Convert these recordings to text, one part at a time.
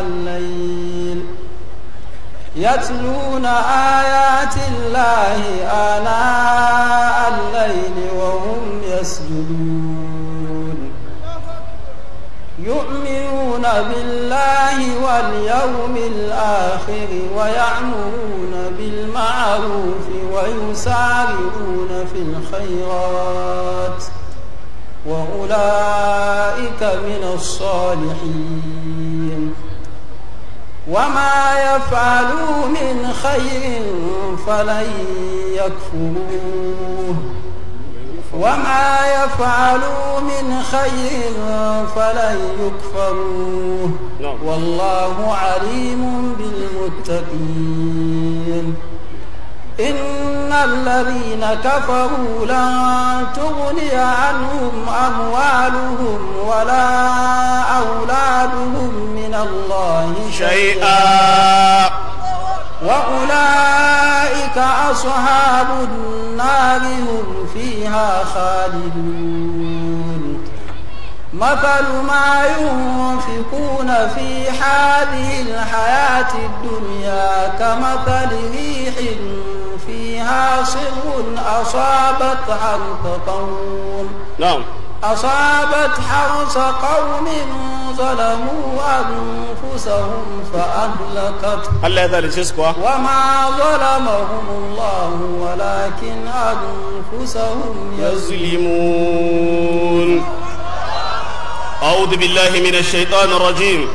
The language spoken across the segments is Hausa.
الليل يتلون آيات الله آناء الليل وهم يسجدون يؤمنون بالله واليوم الآخر ويعمرون بالمعروف ويسارعون في الخيرات وأولئك من الصالحين وما يفعلوا من خير فلن يكفروه وما يفعلوا من خير فلن يكفروه نعم. والله عليم بالمتقين إن الذين كفروا لن تغني عنهم أموالهم ولا أولادهم من الله شيئا وأولئك أصحاب النار هم فيها خالدون مثل ما ينفقون في هذه الحياة الدنيا كمثل ريح حاصب أصابت حرث قوم نعم أصابت حرص قوم ظلموا أنفسهم فأهلكت هذا ذلك وما ظلمهم الله ولكن أنفسهم يظلمون أعوذ بالله من الشيطان الرجيم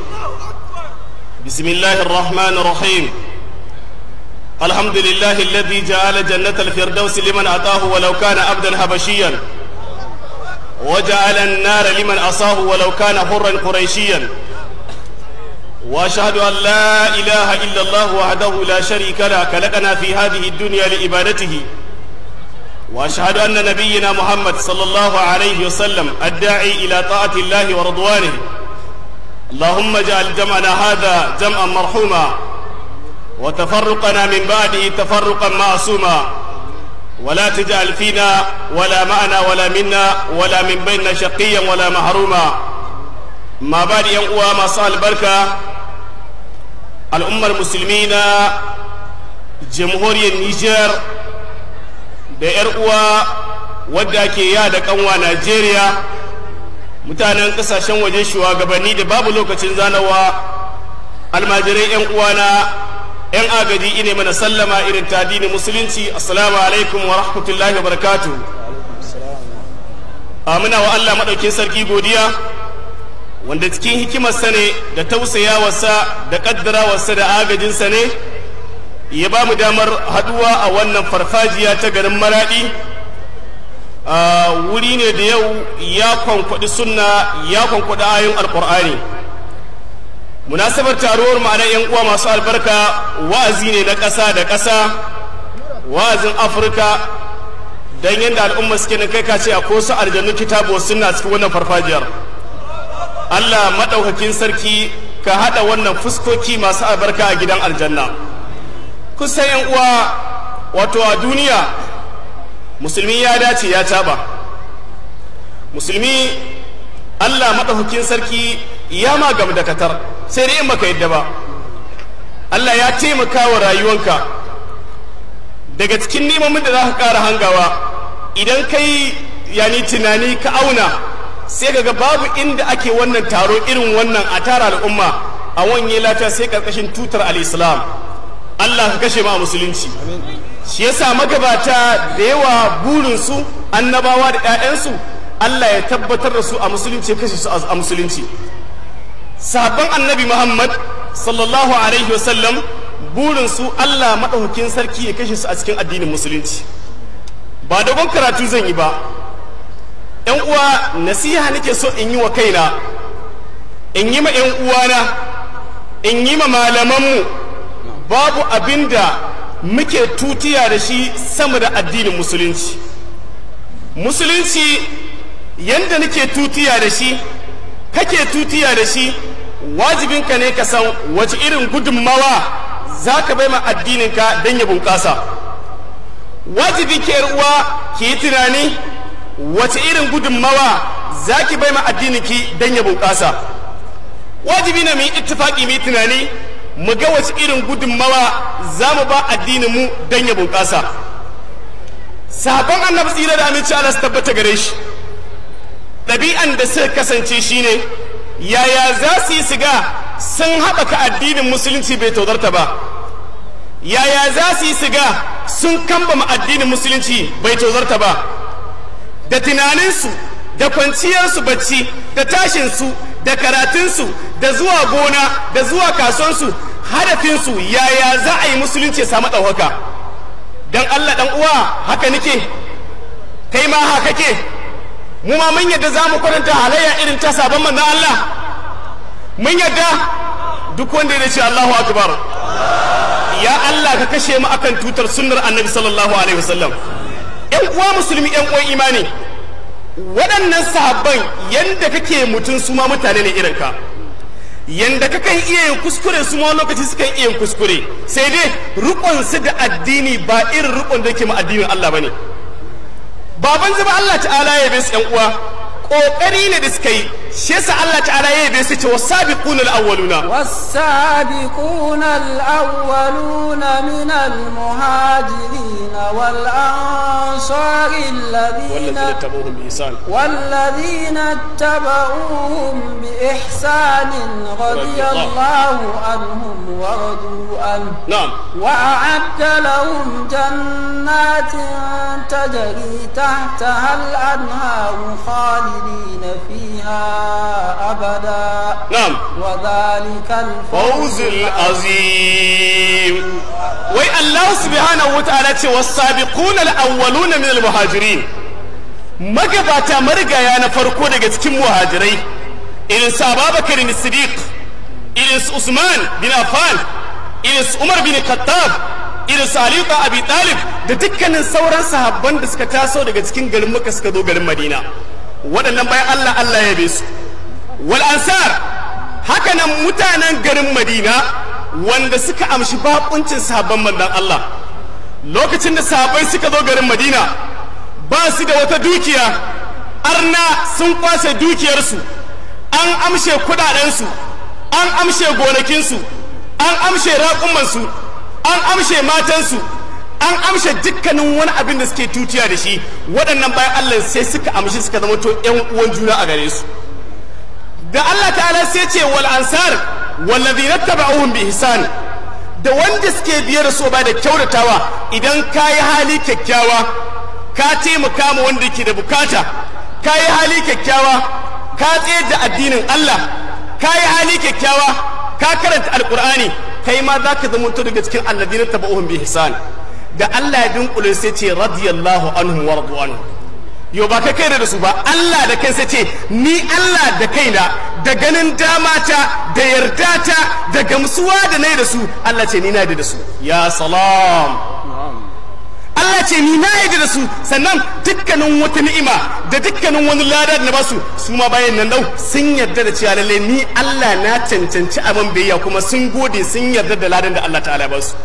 بسم الله الرحمن الرحيم الحمد لله الذي جعل جنة الفردوس لمن أتاه ولو كان عبدا حبشيا وجعل النار لمن أصاه ولو كان حرا قريشيا وأشهد أن لا إله إلا الله وحده لا شريك له خلقنا في هذه الدنيا لعبادته وأشهد أن نبينا محمد صلى الله عليه وسلم الداعي إلى طاعة الله ورضوانه اللهم اجعل جمعنا هذا جمعا مرحوما وتفرقنا من بعده تفرقا معصوما ولا تجعل فينا ولا معنا ولا منا ولا من بيننا شقيا ولا محروما ما بعد ينقوى ما صال البركة الأمة المسلمين جمهورية النيجر da 'yar uwa wadda ke ya da kanwa Najeriya mutanen kasashen waje shugabanni da babu lokacin zanawa almajirai 'yan uwana yan agaji ine mana sallama irin ta addinin musulunci assalamu alaikum wa rahmatullahi wa barakatuh amina wa Allah maɗaukin sarki godiya wanda cikin hikimarsa ne da tausayawarsa da kaddarawarsa da agajinsa ne ya ba mu damar haɗuwa a wannan farfajiya ta garin maraɗi wuri ne da yau ya kwankwaɗi sunna ya kwankwaɗi ayin alƙur'ani munasabar taruwar ma'anar yan uwa masu albarka wa'azi ne na ƙasa da ƙasa wa'azin afirka don yadda al'umma suke na kai kace a ko su aljannu kitabu suna cikin wannan farfajiyar allah maɗaukakin sarki ka haɗa wannan fuskoki masu albarka a gidan aljanna kusan yan uwa wato a duniya musulmi ya dace ya taɓa musulmi allah maɗaukakin sarki ya ma dakatar. sai dai in baka yadda ba Allah ya taimaka wa rayuwanka daga cikin neman da za ka ƙara hangawa idan kai yani tunani ka auna sai ga babu inda ake wannan taro irin wannan a tara al'umma a wanye lata sai karkashin tutar al Allah ka kashe ma musulunci shi yasa magabata da yawa burinsu annabawa da 'ya'yansu Allah ya tabbatar da su a musulunci kashe su a musulunci sabon annabi muhammad sallallahu alaihi wasallam burin su allah maɗaukakin sarki ya kashe su a cikin addinin musulunci ba dogon karatu zan yi ba yan uwa nasiha nake so in yi wa kaina in yi ma yan uwana in yi ma malamanmu babu abin da muke tutiya da shi sama da addinin musulunci musulunci yanda nake tutiya da shi kake tutiya da shi wajibinka ne ka san wace irin gudunmawa za ka bai ma addininka don ya bunƙasa wajibi ke ruwa ki yi tunani wace irin gudunmawa za ki bai ma addininki don ya bunƙasa wajibi na mu yi ittifaƙi mu yi tunani mu ga wace irin gudunmawa za mu ba addininmu don ya bunƙasa sabon annabi tsira da aminci alas tabbata gare shi ɗabi'an da suka kasance shine ne yaya za su yi siga sun haɓaka addinin musulunci bai taudarta ba yaya za su yi siga sun kambama addinin musulunci bai taudarta ba da tunaninsu da kwanciyarsu bacci da tashinsu da karatunsu da zuwa gona da zuwa kasuwansu hadafinsu yaya za a yi musulunci samu ɗauhaka don allah ɗan uwa haka nake kai ma haka ke. mu ma mun yadda za mu kwatanta halayya irin ta sabon manzan Allah mun yadda duk wanda ya ce Allahu akbar ya Allah ka kashe mu akan tutar sunnar annabi sallallahu alaihi wasallam uwa musulmi yan uwan imani waɗannan sahabban yanda kake mutun su ma mutane ne irin ka yanda kakan iya yin kuskure su ma lokaci kan iya yin kuskure sai dai rukun su da addini ba irin rukon da ke ma addinin Allah bane baban zuba Allah ta'ala ya bis yan uwa kokari ne da suka yi شيس الله تعالى يبسط إيه والسابقون الأولون والسابقون الأولون من المهاجرين والأنصار الذين اتبعوهم بإحسان والذين اتبعوهم بإحسان رضي الله عنهم ورضوا عنه نعم وأعد لهم جنات تجري تحتها الأنهار خالدين فيها أبدا نعم وذلك الفوز العظيم وي الله سبحانه وتعالى والسابقون الأولون من المهاجرين magabata marigaya na farko daga cikin muhajirai irin su ababakar bin siddiq irin su usman bin affan irin su umar bin khattab irin su ali abi talib da dukkanin sauran sahabban da suka taso daga cikin garin makka suka zo garin madina waɗannan bayan Allah Allah ya bi su wal ansar hakanan mutanen garin Madina wanda suka amshi baƙuncin sabon manzon Allah lokacin da sabai suka zo garin Madina ba su da wata dukiya arna sun kwashe dukiyarsu an amshe kudadensu an amshe gonakinsu an amshe raƙumansu an amshe matansu an amshe dukkanin wani abin da suke tutiya da shi waɗannan bayan Allah sai suka amshi suka zama to ƴan uwan juna a gare su da Allah ta'ala sai ce wal ansar wallazina tabauhum bi ihsan da wanda suke biyar da so ba da kyautatawa idan kayi hali kyakkyawa ka taimaka ma wanda yake da bukata kayi hali kyakkyawa ka tsayar da addinin Allah kayi hali kyakkyawa ka karanta al'kur'ani kai ma za ka zama to daga cikin alladina tabauhum bi ihsan da Allah ya dunkule sai ce radiyallahu anhu wa radu anhu yo ba kai da su ba Allah da kai sai ce ni Allah da kaina da ganin dama ta da yarda ta da gamsuwa da nayi da su Allah ce ni na da su ya salam Allah ce ni na yi da su sannan dukkanin wata ni'ima da dukkanin wani lada da na basu su ma bayan nan dau sun yarda da cewa lalle ni Allah na cancanci abin biyayya kuma sun gode sun yarda da ladan da Allah ta'ala ya basu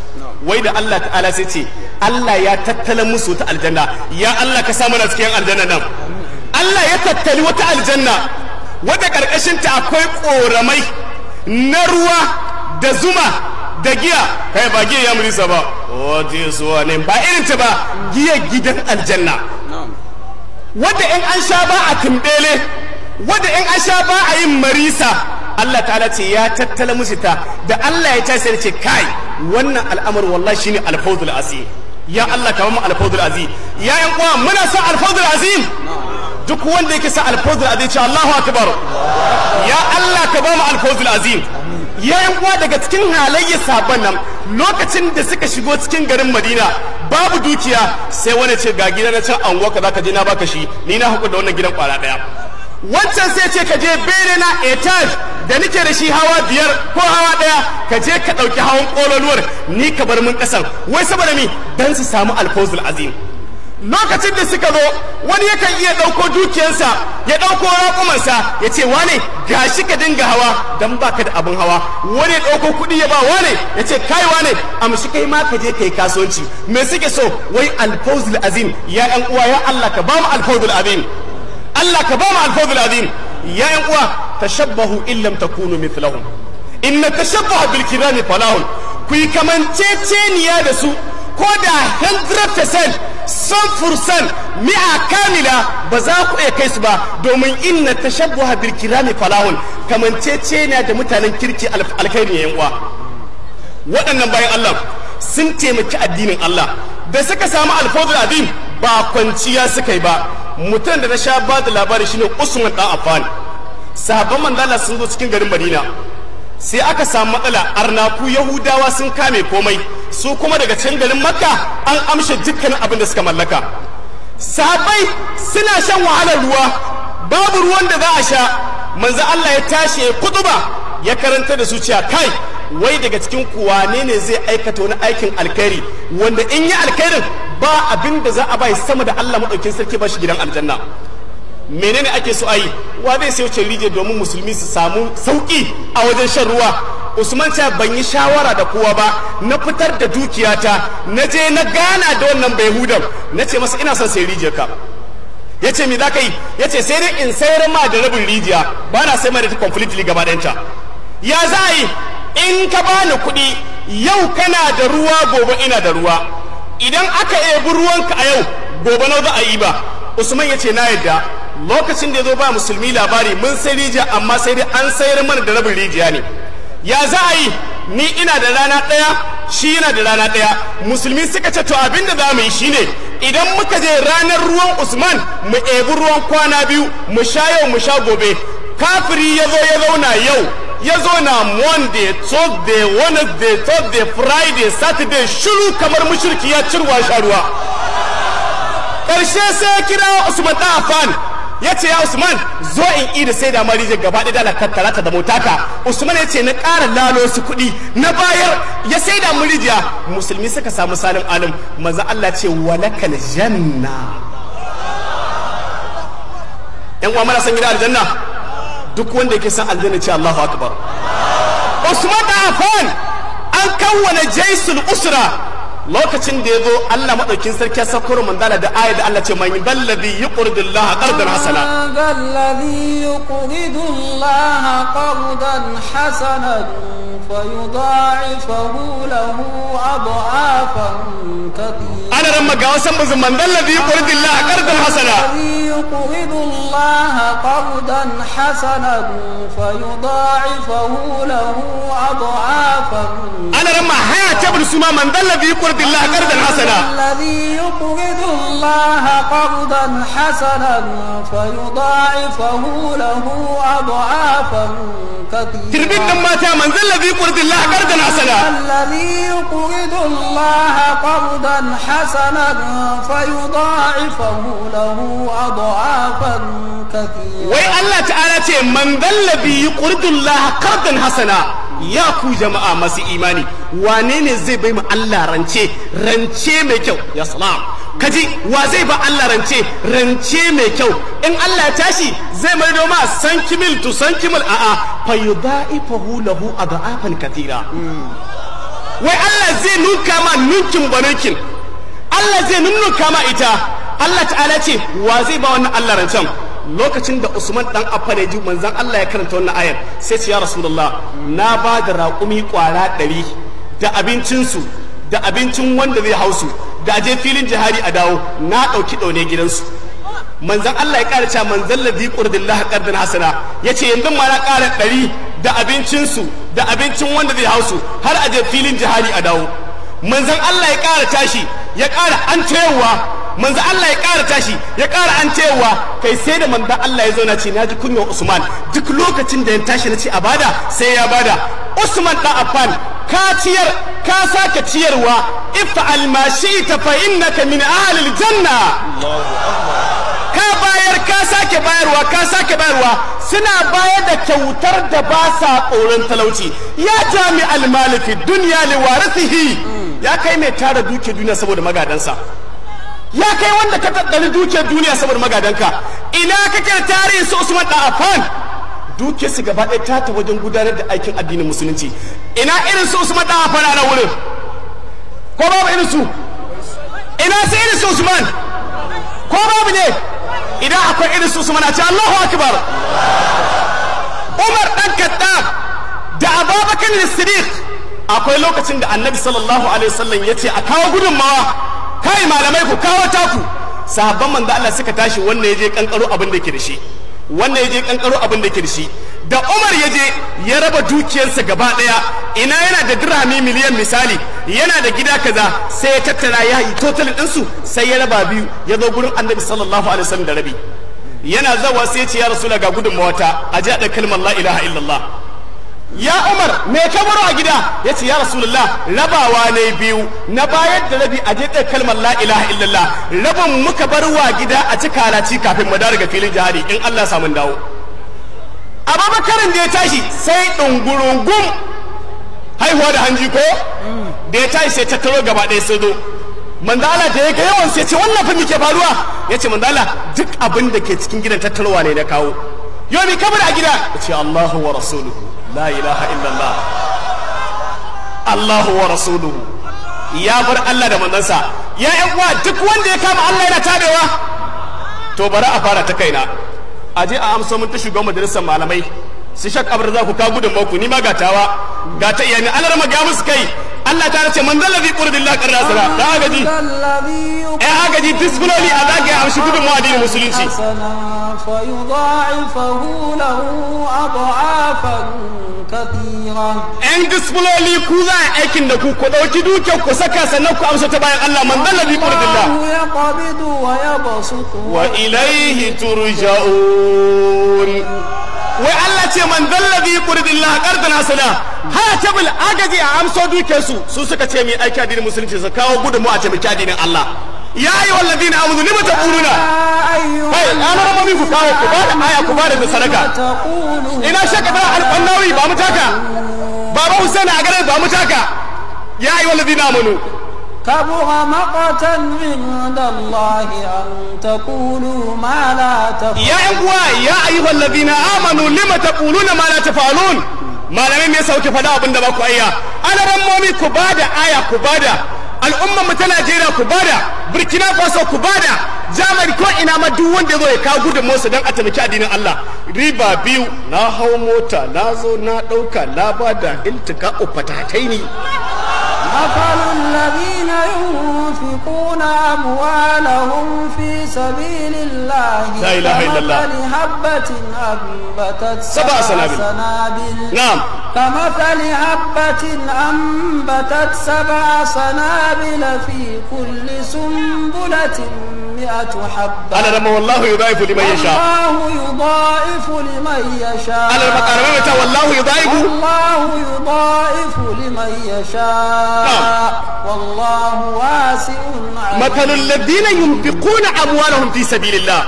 wai da Allah ta'ala sai ce Allah ya tattala musu ta aljanna ya Allah ka samu mana cikin aljanna nan Allah ya tattali wata aljanna wata karkashin akwai koramai na ruwa da zuma da giya kai ba giya ya murisa ba waje oh, zuwa ne ba irin ta ba giya gidan aljanna wadda in an sha ba a tumbele wadda in an sha ba a yin marisa Allah ta'ala ce ya tattala musu ta da Allah ya tashi da ce kai wannan al'amur wallahi shine al-fawzul azim ya Allah ka mu al-fawzul azim ya yan uwa muna son al-fawzul azim duk wanda yake sa al-fawzul azim ce Allahu akbar ya Allah ka ba mu al-fawzul azim ya yan uwa daga cikin halayyar sabon nan lokacin da suka shigo cikin garin Madina babu dukiya sai wani ce ga gidan na can anguwa ka zaka je na baka shi ni na hakuri da wannan gidan kwara daya wancan sai ce ka je bere na etage da nake da shi hawa biyar ko hawa daya ka je ka ɗauki hawan kololuwar ni ka bar mun ƙasar wai saboda mi dan su samu alfozul azim lokacin da suka zo wani yakan iya ɗauko dukiyarsa ya ɗauko raƙumansa ya ce wane gashi ka dinga hawa dan baka da abin hawa wani ya ɗauko kuɗi ya ba wane ya ce kai wane amshi kai ma ka je kai kasuwanci me suke so wai alfawzul azim ya ƴan uwa ya Allah ka ba mu azim Allah ka ba mu alfawzul azim ya yan uwa tashabbahu in lam takunu mithlahum in tashabbaha bil kirami falahun ku yi kamanceceniya da su ko da 100% san fursan mi'a kamila ba za ku iya kai su ba domin inna tashabbuha bil kirami falahun kamancece da mutanen kirki alkhairi ne uwa waɗannan bayan Allah sun taimaki addinin Allah da suka samu alfawzul azim ba kwanciya suka yi ba mutum da na sha ba da labari shine usman dan affan sahabban manzala sun zo cikin garin madina sai aka samu matsala arnaku yahudawa sun kame komai su kuma daga can garin makka an amshe dukkanin abin da suka mallaka sabai suna shan wahalar ruwa babu ruwan da za a sha manzo Allah ya tashi ya kutuba ya karanta da su cewa kai wai daga cikin kuwa ne ne zai aikata wani aikin alkhairi wanda in yi alkhairin ba abin da za a bai sama da Allah maɗaukin sarki ba shi gidan aljanna menene ake so a ayi wa zai sayo rijiyar domin musulmi su samu sauki a wajen shan ruwa usman ta ban yi shawara da kowa ba na fitar da dukiyata na je na gana da wannan bai hudan na ce masa ina son sai rijiyar ka ya ce me za ka yi ya ce sai dai in sayar ma da rabin rijiya ba na sai ma da ta gaba ɗanta ya za a yi in ka bani kuɗi yau kana da ruwa gobe ina da ruwa idan aka ebi ruwanka a yau gobe na za a yi ba usman ya ce na yadda lokacin da ya zo ba musulmi labari mun sai rijiya amma sai dai an sayar mana da rabin rijiya ne ya za a yi ni ina da rana ɗaya shi yana da rana ɗaya musulmi suka ce to abin da za mu yi shine idan muka je ranar ruwan usman mu ebi ruwan kwana biyu mu sha yau mu sha gobe kafiri ya zo ya zauna yau ya zo na monday tuesday wednesday thursday friday saturday shiru kamar mushirki ya cirwa sharuwa Karshe sai ya kira usman ɗan ya ce ya usman zo in ida sai da marije gaba ɗaya dala tattara da motaka, usman ya ce na ƙara lalo su kuɗi na bayar ya sai da marijiya musulmi suka samu salim alim maza allah ce walakal janna yan uwa mana san gida aljanna duk wanda yake san aljanna ce Allahu akbar Usman da Affan an kawwana jaisul usra lokacin da ya zo Allah maɗaukin sarki ya sakuro mandala da ayat da Allah ce mai ballabi yuqridu Allah qardan hasana ballabi yuqridu qardan hasana fayudha'ifahu lahu adha'afan kathira أنا لما قاسم بزمان ذا الذي يقرض الله قرضا حسنا الذي يقرض الله قرضا حسنا فيضاعفه له أضعافا أنا لما حياة ابن سما من ذا الذي يقرض الله قرضا حسنا الذي يقرض الله قرضا حسنا فيضاعفه له أضعافا كثيرا تربيت لما من ذا الذي يقرض الله قرضا حسنا الذي يقرض الله قرضا حسنا حسنا فيضاعفه له أضعافا كثيرا وي الله تعالى من ذا الذي يقرض الله قرضا حسنا يا كو جماعة masu imani wane ne zai bai mu Allah rance rance mai kyau ya salam kaji wa zai ba Allah rance rance mai kyau in Allah ya tashi zai mai doma san kimil tu san kimil a'a fa yudaifahu lahu adafan katira wai Allah zai nuka ma ninkin ba Allah zai nunnunka kama ita Allah ta'ala ce wa zai ba wannan Allah rancen lokacin da Usman dan Affan ya ji manzon Allah ya karanta wannan ayar sai ce ya Rasulullah na ba da raƙumi ƙwara ɗari da abincinsu da abincin wanda zai hausu da je filin jihari a dawo na ɗauki ɗaune gidansu manzon Allah ya ƙara cewa manzon ladhi qurdillah qardan hasana yace yanzu ma na ƙara ɗari da abincinsu da abincin wanda zai hausu har a je filin jihari a dawo Manzan Allah ya ƙara tashi ya ƙara an cewa manzan Allah ya ƙara tashi ya ƙara an cewa kai sai da manzan Allah ya zauna ce naji kunyar Usman duk lokacin da ya tashi na ce a bada sai ya bada Usman ɗan Affan ka ciyar ka sake ciyarwa if'al ma shi'ta fa innaka min ahli janna ka bayar ka sake bayarwa ka sake bayarwa suna bayar da kyautar da ba sa tsoron talauci ya jami almalifi duniya liwarisihi ya kai mai tara duke duniya saboda magadansa ya kai wanda ka tattali duke duniya saboda magadanka ina kake tarihin su Usman da Affan duke su gaba ɗaya tata wajen gudanar da aikin addinin musulunci ina irin su Usman da Affan a wurin ko babu irin su ina sai irin su Usman ko babu ne idan akwai irin su Usman a ce Allahu akbar Umar dan Kattab da Abubakar Siddiq akwai lokacin da annabi sallallahu alaihi wasallam ya ce a kawo gudunmawa kai malamai ku kawo taku sahabban manzo Allah suka tashi wannan yaje kankaro abin da yake da shi wannan yaje kankaro abin da yake da shi da Umar yaje ya raba dukiyarsa gaba daya ina yana da dirhami miliyan misali yana da gida kaza sai ya tattara ya yi total din su sai ya raba biyu ya zo gurin annabi sallallahu alaihi wasallam da rabi yana zawa sai ya ce ya rasu ga gudunmawa ta aje da kalmar la ilaha illallah ya umar me ka baro a gida ya ce ya rasulullah rabawa ne biyu na bayar da rabi a jeɗe kalmar la ilaha illallah rabin muka bar wa gida a ci kalaci kafin mu ga filin jihadi in allah samun dawo abubakarin da ya tashi sai ɗungurungun haihuwa da hanji ko da ya tashi sai taro gaba ɗaya sai zo mandala da ya ga yawan sai ce wannan fa muke faruwa ya ce Mandala duk abin da ke cikin gidan tattarowa ne na kawo yau mi kabar a gida ya ce allahu wa rasuluhu la ilaha illallah Allahu wa rasuluhu ya bar Allah da manzansa ya yan uwa duk wanda ya kama Allah yana tabewa to bari a fara ta kaina a je a amsa mun ta shugaban majalisar malamai su shak abar za ku ka gudun maku ni ma gatawa gata iyani alar ma ga musu kai Allah ta ce man zallazi qurbillah qarra sala da agaji eh, ai ji disbuloli a zaka ya amshi gudun wadi musulunci yan disbuloli ku za a aikin da ku ku ɗauki duke ku saka sannan ku amsa ta bayan Allah man zallazi qurbillah wa ilaihi turja'un wai Allah ce man zallazi qurbillah qarra sala haya tabul agaji a amso duke su su suka ce mai aiki addinin musulunci su kawo mu a taimaki addinin Allah ya yi wallazi na amudu lima ta ƙununa bai ana rama min ku kawo ku ba da aya ku ba da sadaka ina shaka fara alƙwannawi ba mu taka baba husaina a garin ba mu taka ya yi wallazi na amunu كبر مقتا عند الله أن تقولوا ما لا تفعلون يا أيها الذين آمنوا لم تقولون ما لا تفعلون malamai mai sauke kuke faɗa abin da ba ku ayya momi ku bada aya ku bada al'ummar mu ta Najeriya ku bada Burkina Faso ku bada jamani ko ina ma duk wanda zo ya kawo gudunmuwarsa don a taimaki addinin Allah riba biyu na hau mota na zo na ɗauka na bada iltika ufatatai ne ينفقون أموالهم في سبيل الله لا إله إلا الله كمثل حبة أنبتت سبع سنابل, نعم كمثل حبة أنبتت سبع سنابل في كل سنبلة مئة حبة أنا لما والله يضاعف لمن يشاء الله يضاعف لمن يشاء أنا لما قررت والله يضاعف والله يضاعف لمن يشاء نعم. والله والله واسع مثل الذين ينفقون أموالهم في سبيل الله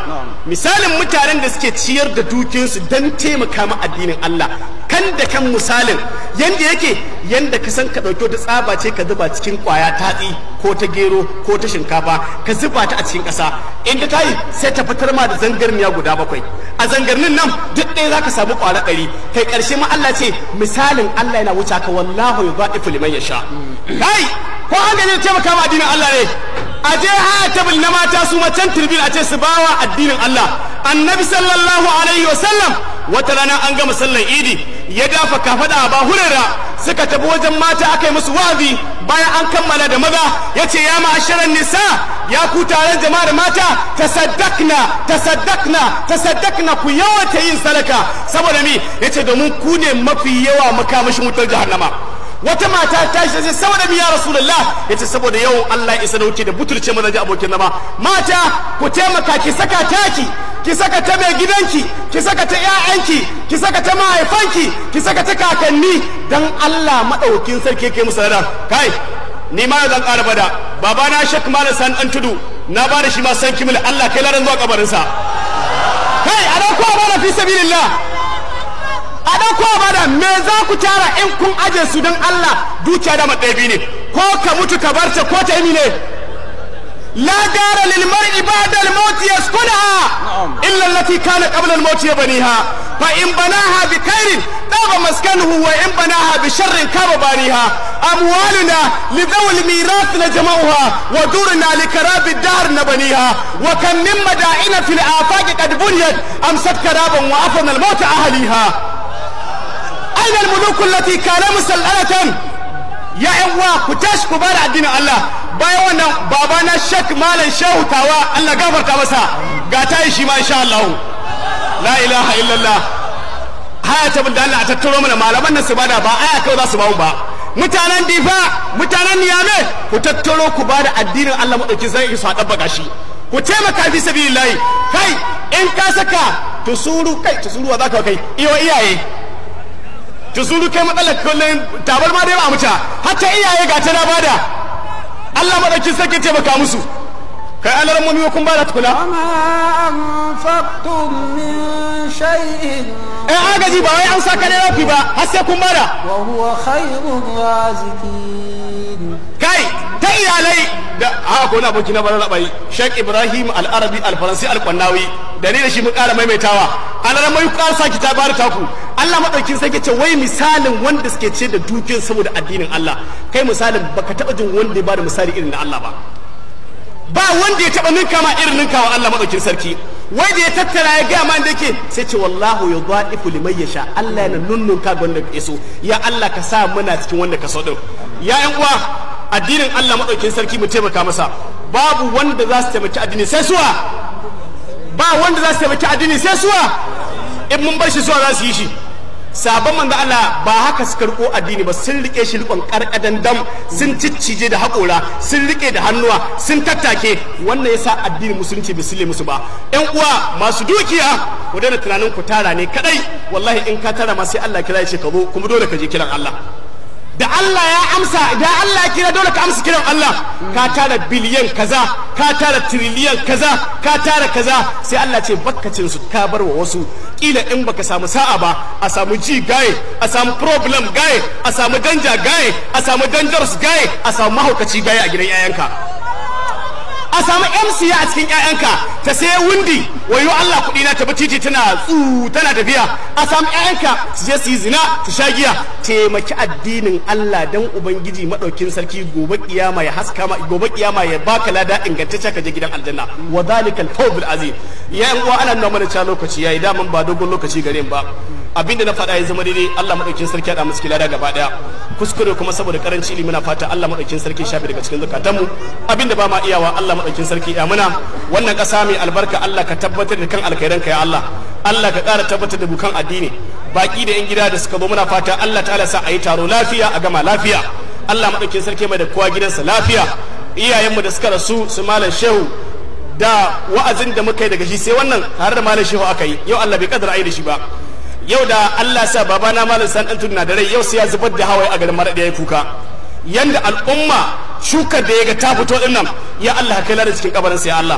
misalin mutanen da suke ciyar da dukinsu don taimaka ma addinin Allah kan da kan misalin yanda yake yanda ka san ka ɗauki wata tsaba ce ka zuba cikin ƙwaya tatsi ko ta gero ko ta shinkafa ka zuba ta a cikin ƙasa in ta yi sai ta fitar ma da zangarniya guda bakwai a zangarnin nan duk ɗaya zaka samu ƙwara ɗari kai ƙarshe ma Allah ce misalin Allah yana wuce ka wallahu ba liman yasha kai ko an gaje taimaka ma addinin Allah ne a je tabil na mata su macen turbin a ce su bawa addinin Allah annabi sallallahu alaihi wasallam wata rana an gama sallar idi ya dafa kafada ba hurera suka tafi wajen mata aka yi musu wazi bayan an kammala da maza ya ce ya ma'asharar nisa ya ku taron da mata ta ta saddakna ta saddakna ku yawa ta yin sadaka saboda mi yace domin ku ne mafi yawa makamashin wutar jahannama wata mata ta shi sai saboda miya rasulullah ce saboda yau Allah isa wuce da butulce mana ji abokin zama mata ku taimaka ki saka taki ki saka ta mai gidanki ki saka ta ƴaƴanki ki saka ta mahaifanki ki saka ta kakanni dan Allah maɗaukin sarki ke musu da kai ni ma zan ƙara bada na shek Malam San dan tudu na ba da shi ma san kimil Allah kai laran zuwa kabarinsa kai a ko ba fi sabilillah ko bada me za ku tara in kun aje su don Allah dukiya da matsayi ne ko ka mutu ka bar ta ko ta imi ne la dara lil mar'i ba'da al maut yaskunha illa allati kana qabla al maut yabniha fa in banaha bi khairin daba maskanuhu wa in banaha bi sharrin kaba baniha amwaluna li dawl mirath la jama'uha wa durna li karab al dar nabaniha wa kam min mada'ina fil afaq qad bunyat am sad karaban wa afna al maut ahliha aina al-muluk allati kana musallatan ya yan uwa ku tashi ku bada addinin Allah bayan wannan babana Sheikh Malam Shehu Tawa Allah gafarta masa ga tayi shi ma insha Allah la ilaha illallah haya ta bin a tattaro mana malaman nan su bada ba aya kawai za su bawo ba mutanen difa mutanen niyame ku tattaro ku bada addinin Allah madauki zai yi sa a shi ku taimaka fi kai in ka saka tusuru kai zaka kai iyo iyaye to sun kai matsalar kullum tabar ma dai ba muta hatta iyaye ga ta na bada Allah madaukin sarki taimaka musu kai an ran mi kun bada tukula amma anfaqtum eh, agaji ba wai an saka ne rafi ba har sai kun bada wa huwa raziqin kai ta iyalai da haka ko na boki na rabai Sheikh Ibrahim Al-Arabi Al-Faransi Al-Qannawi da shi mu ƙara maimaitawa alaran mai ƙara sa ta tabar taku Allah madaukin sai ke ce wai misalin wanda suke ce da dukin saboda addinin Allah kai misalin baka taba jin wanda ya bada misali irin na Allah ba ba wanda ya taba ninka ma irin ninka wa Allah madaukin sarki wai da ya tattara ya ga man da yake sai ce wallahu ya liman yasha Allah ya nunnunka gonda ka ya so ya Allah ka sa muna cikin wanda ka so din ya yan uwa addinin Allah maɗaukin sarki mu taimaka masa babu wanda za su taimaki addini sai suwa ba wanda za su taimaki addini sai suwa in mun bar shi suwa za su yi shi sabon manzo Allah ba haka su riko addini ba sun rike shi rikon karkadan dam sun ciccije da haƙora sun rike da hannuwa sun tattake wannan yasa addini musulunci bai sille musu ba ƴan uwa masu dukiya ku daina tunanin ku tara ne kadai wallahi in ka tara ma sai Allah kira shi ka zo kuma dole ka je kiran Allah da Allah ya amsa da Allah ya kira dole ka amsa kiran Allah ka tara biliyan kaza ka tara triliyan kaza ka tara kaza sai Allah ce bakkacin su ka bar wa wasu kila in baka samu sa'a ba a samu ji gaye a samu problem gaye a samu danja gaye a samu dangerous gaye a samu mahaukaci gaye a gidan yayanka a samu MC a cikin ƴaƴanka ta sai wundi wayo Allah kuɗi na tafi titi tana tsu tana tafiya a samu ƴaƴanka su je su yi zina su sha giya taimaki addinin Allah dan ubangiji madaukin sarki gobe kiyama ya haska ma gobe kiyama ya baka lada ingantacce ka je gidan aljanna wa zalikal fawzul azim ya yan uwa ana nuna mana cewa lokaci yayi da mun ba dogon lokaci gare mu ba abinda na faɗa ya zama daidai Allah madaukin sarki ya da musu lada gaba daya kuskure kuma saboda karanci ilimi na fata Allah madaukin sarki shafe daga cikin zukatanmu abinda ba ma iyawa Allah madaukin sarki ya muna wannan ƙasa mai albarka Allah ka tabbatar da kan alkhairanka ya Allah Allah ka ƙara tabbatar da bukan addini baki da yan gida da suka zo muna fata Allah ta'ala sa a yi taro lafiya a gama lafiya Allah madaukin sarki mai da kowa gidansa lafiya iyayenmu da suka rasu su malam shehu da wa'azin da muka yi daga shi sai wannan tare da malam shehu aka yi yau Allah bai kadara ai da shi ba yau da Allah sa babana malam san antun na da rai yau sai ya zubar da hawaye a garin da ya kuka yanda al'umma shukar da ya ga ta fito din nan ya Allah ka kai lada cikin kabarin sai Allah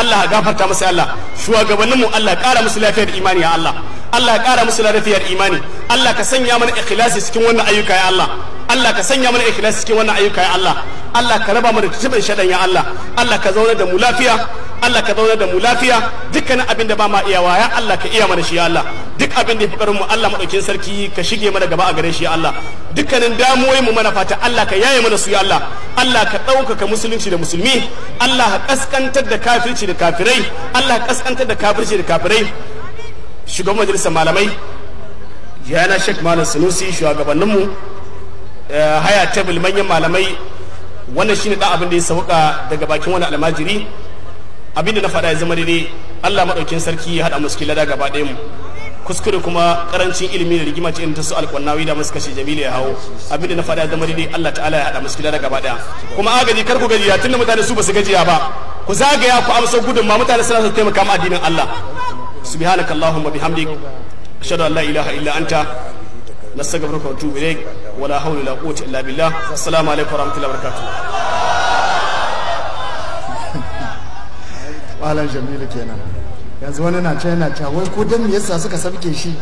Allah gafarta masa Allah shugabannin mu Allah kara musu lafiyar imani ya Allah Allah kara musu lafiyar imani Allah ka sanya mana ikhlasi cikin wannan ayyuka ya Allah Allah ka sanya mana ikhlas cikin wannan ayyuka ya Allah Allah ka raba mana tsibin shaɗan ya Allah Allah ka zauna da mu lafiya Allah ka zauna da mu lafiya dukkanin abin da ba ma iyawa ya Allah ka iya mana shi ya Allah duk abin da ya fi mu Allah madaukin sarki ka shige mana gaba a gare shi ya Allah dukkanin damuwoyin mu mana fata Allah ka yaye mana su ya Allah Allah ka ɗaukaka musulunci da musulmi Allah ka kaskantar da kafirci da kafirai Allah ka kaskantar da kafirci da kafirai shugaban majalisar malamai yana shek malam sunusi shugabanninmu Eh, haya tabul manyan malamai wannan shine da abin da ya sauka daga bakin wani almajiri abin da na faɗa ya zama daidai Allah madaukin sarki ya hada musu lada gaba ɗaya mu kuskure kuma karancin ilimi da rigima ce irin ta su alƙwannawi da musu kashe jamilu ya hawo abin da na faɗa ya zama daidai Allah ta'ala ya hada musu lada gaba ɗaya kuma agaji kar ku gajiya tunda mutane su ba su gajiya ba ku zagaya ku amsa gudun ma mutane suna su taimaka ma addinin Allah subhanakallahumma bihamdik ashhadu an la ilaha illa anta nastaghfiruka wa atubu ilayk wala hawla wala quwwata illa billah assalamu alaikum warahmatullahi wabarakatuh malam jamilu kenan yanzu wani na can yana can wai ko dan me yasa suka sabke shi